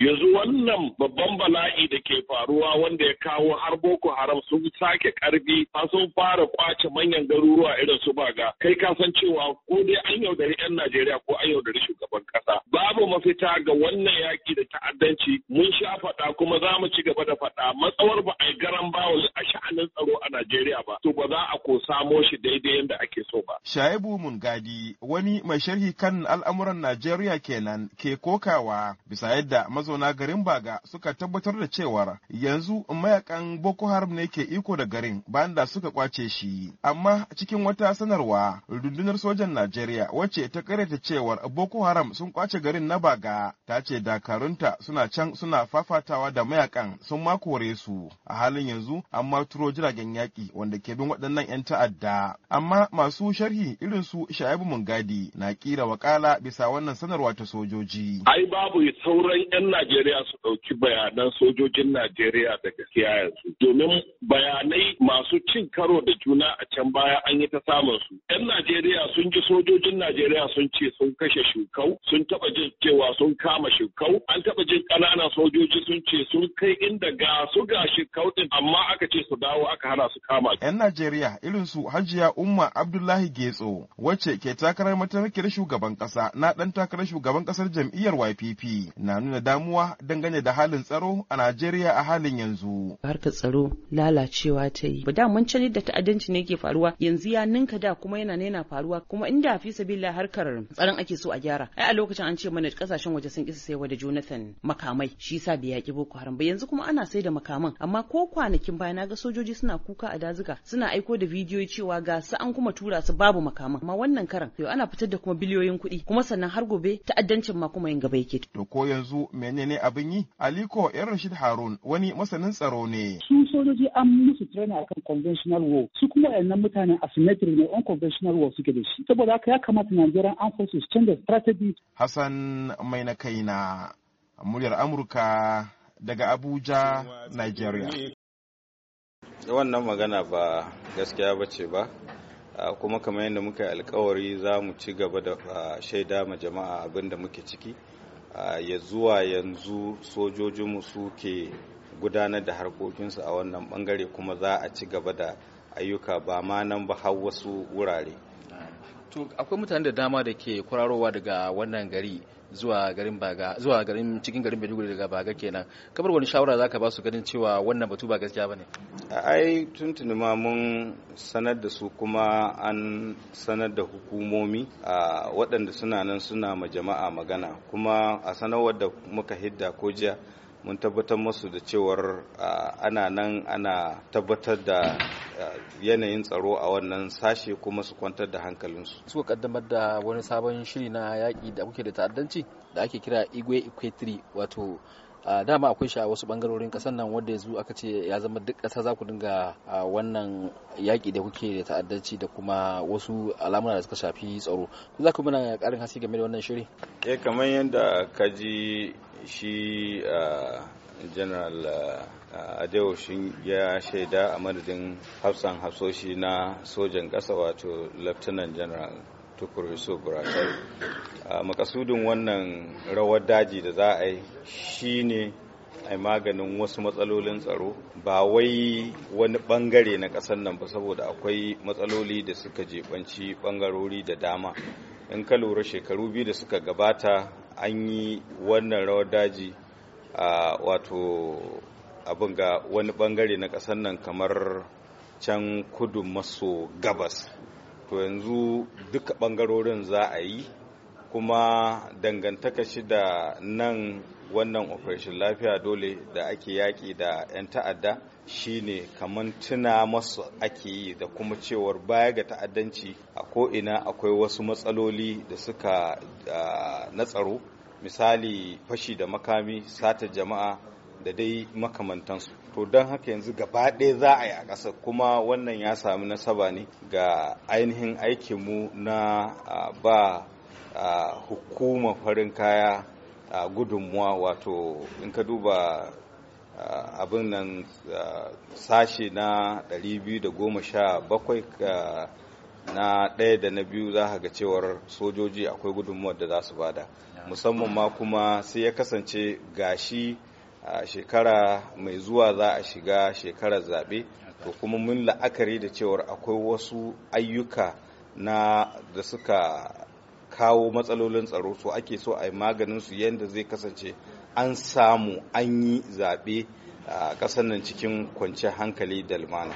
yanzu wannan babban bala'i da ke faruwa wanda ya kawo har boko haram sun sake karfi a sun fara kwace manyan garuruwa irin su ba ga. kai ka san cewa ko dai an yaudari yan najeriya ko an yaudari shugaban kasa babu mafita ga wannan yaki da ta'addanci mun sha faɗa kuma za mu ci gaba da faɗa matsawar ba a garan bawul a sha'anin tsaro Najeriya ba, to ba za a ko samo shi daidai yadda ake so ba. Shaibu Mungadi wani mai sharhi kan al'amuran Najeriya kenan ke kokawa bisa yadda mazauna garin Baga suka tabbatar da cewar yanzu mayakan Boko Haram ne ke iko da garin bayan da suka kwace shi. Amma cikin wata sanarwa rundunar sojan Najeriya wacce ta karyata cewar Boko Haram sun kwace garin na Baga ta ce dakarunta suna can suna fafatawa da mayakan sun ma kore su. A halin yanzu amma turo jiragen yaki yaƙi wanda ke bin waɗannan 'yan ta'adda. Amma masu sharhi irin su Sha'ibu Mungadi na ƙira wakala bisa wannan sanarwa ta sojoji. Ai babu sauran 'yan Najeriya su ɗauki bayanan sojojin Najeriya daga gaskiya yanzu. Domin bayanai masu cin karo da juna a can baya an yi ta samun su. 'Yan Najeriya sun ji sojojin Najeriya sun ce sun kashe shukau, sun taɓa jin cewa sun kama shukau, an taɓa jin ƙananan sojoji sun ce sun kai inda ga su ga shukau ɗin amma aka ce su dawo aka hana su. su kama. 'Yan Najeriya irin su Hajiya Umma Abdullahi Getso wace ke takarar mataimakiyar shugaban ƙasa na ɗan takarar shugaban ƙasar jam'iyyar YPP na nuna damuwa dangane da halin tsaro a Najeriya a halin yanzu. Harkar tsaro lalacewa ta yi. Da mun can da ta'addanci ne ke faruwa yanzu ya ninka da kuma yana yana faruwa kuma inda fi sabila harkar tsaron ake so a gyara. Ai a lokacin an ce mana ƙasashen waje sun isa saiwa da Jonathan makamai shi yasa bai yaƙi Boko Haram ba yanzu kuma ana sai da makaman amma ko kwanakin baya na ga sojoji suna kuka ɗauka a dazuka suna aiko da bidiyo cewa ga su an kuma tura su babu makaman amma wannan karan yau ana fitar da kuma biliyoyin kuɗi kuma sannan har gobe ta'addancin ma kuma yin gaba yake to ko yanzu menene abin yi aliko yan rashid harun wani masanin tsaro ne su sojoji an musu training akan conventional war su kuma wayannan mutanen asymmetric ne on conventional war suke da shi saboda haka ya kamata Nigerian Armed Forces canza strategy Hassan mai na kaina muryar Amurka daga Abuja, Nigeria. wannan magana ba gaskiya ba ce ba kuma kamar yadda muka yi alkawari za mu ci gaba da shaida ma jama'a abinda muke ciki ya zuwa yanzu sojojinmu suke gudanar da harkokinsu a wannan bangare kuma za a ci gaba da ayyuka ba ma nan ba har wasu wurare to akwai mutane da dama da ke kwararowa daga wannan gari zuwa garin baga zuwa garin cikin garin Maiduguri daga baga kenan kamar wani shawara zaka ba su ganin cewa wannan batu ba gaskiya bane ai tuntuni ma mun sanar da su kuma an sanar da hukumomi a waɗanda suna nan suna ma jama'a magana kuma a sanarwar da muka hidda ko jiya mun tabbatar masu da cewar ana nan ana tabbatar da yanayin tsaro a wannan sashe kuma su kwantar da hankalinsu. Suka kaddamar da wani sabon shiri na yaƙi da kuke da ta'addanci da ake kira Igwe Equatri wato a dama akwai shi a wasu bangarorin kasar nan wanda yanzu aka ce ya zama duk kasa za ku dinga wannan yaƙi da kuke da ta'addanci da kuma wasu alamuna da suka shafi tsaro ku za ku muna ƙarin haske game da wannan shiri eh kamar yadda ka ji shi general adewoshin ya shaida a madadin hafsan hafsoshi na sojan kasa wato lieutenant general tukur yusuf buratai ah, makasudin wannan rawar daji da za a yi shine a maganin wasu matsalolin tsaro ba wai wani bangare na ƙasar nan ba saboda akwai matsaloli da suka jebanci bangarori da dama in ka lura shekaru biyu da suka gabata an yi wannan rawar daji a ah, wato abin ga wani bangare na ƙasar nan kamar can kudu maso gabas to yanzu duka ɓangarorin za a yi kuma dangantaka shi da nan wannan operation lafiya dole da ake yaƙi da 'yan ta'adda shine kamar tuna masu ake yi da kuma cewar baya ga ta'addanci a ko'ina akwai wasu matsaloli da suka ah, na tsaro misali fashi da makami sata jama'a da dai makamantansu to don haka yanzu gaba ɗaya za a yi a ƙasa kuma wannan ya sami nasaba ne ga ainihin aikinmu na ba hukuma farin kaya a gudunmuwa wato in ka duba abin nan sashe na 217 na ɗaya da na biyu za ka ga cewar sojoji akwai gudunmuwa da za su bada musamman ma kuma sai ya kasance gashi a shekara mai zuwa za a shiga shekarar zaɓe to kuma mun la'akari da cewar akwai wasu ayyuka na da suka kawo matsalolin tsaro so ake so a yi maganin su yadda zai kasance an samu an yi zaɓe a ƙasar nan cikin kwanciyar hankali da lumana.